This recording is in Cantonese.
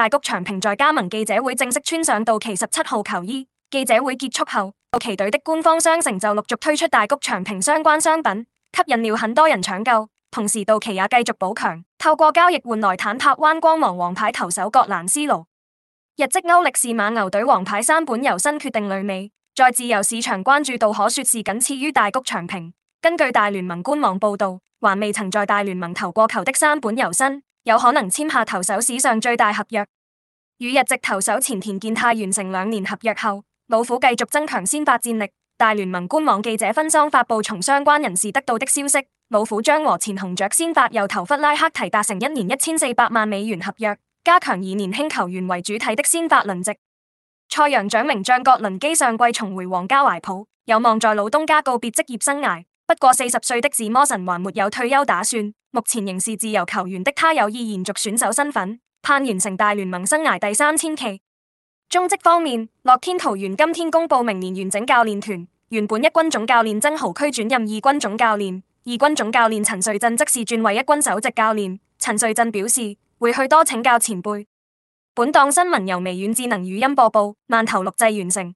大谷翔平在加盟記者會正式穿上道奇十七號球衣。記者會結束後，道奇隊的官方商城就陸續推出大谷翔平相關商品，吸引了很多人搶購。同時，道奇也繼續補強，透過交易換來坦帕灣光芒王,王牌投手葛蘭斯盧。日職歐力士猛牛隊王牌山本由伸決定旅美，在自由市場關注度可說是僅次於大谷翔平。根據大聯盟官網報道，還未曾在大聯盟投過球的山本由伸。有可能簽下投手史上最大合約，與日籍投手前田健太完成兩年合約後，老虎繼續增強先發戰力。大聯盟官網記者芬桑發佈從相關人士得到的消息，老虎將和前紅雀先發右投弗拉克提達成一年一千四百萬美元合約，加強以年輕球員為主體的先發輪值。賽揚獎名將葛倫基上季重回皇家懷抱，有望在老東家告別職業生涯。不過四十歲的自魔神還沒有退休打算，目前仍是自由球員的他有意延續選手身份，盼完成大聯盟生涯第三千期。中職方面，樂天桃猿今天公布明年完整教練團，原本一軍總教練曾豪駒轉任二軍總教練，二軍總教練陳瑞振則是轉為一軍首席教練。陳瑞振表示會去多請教前輩。本檔新聞由微軟智能語音播報，慢投錄製完成。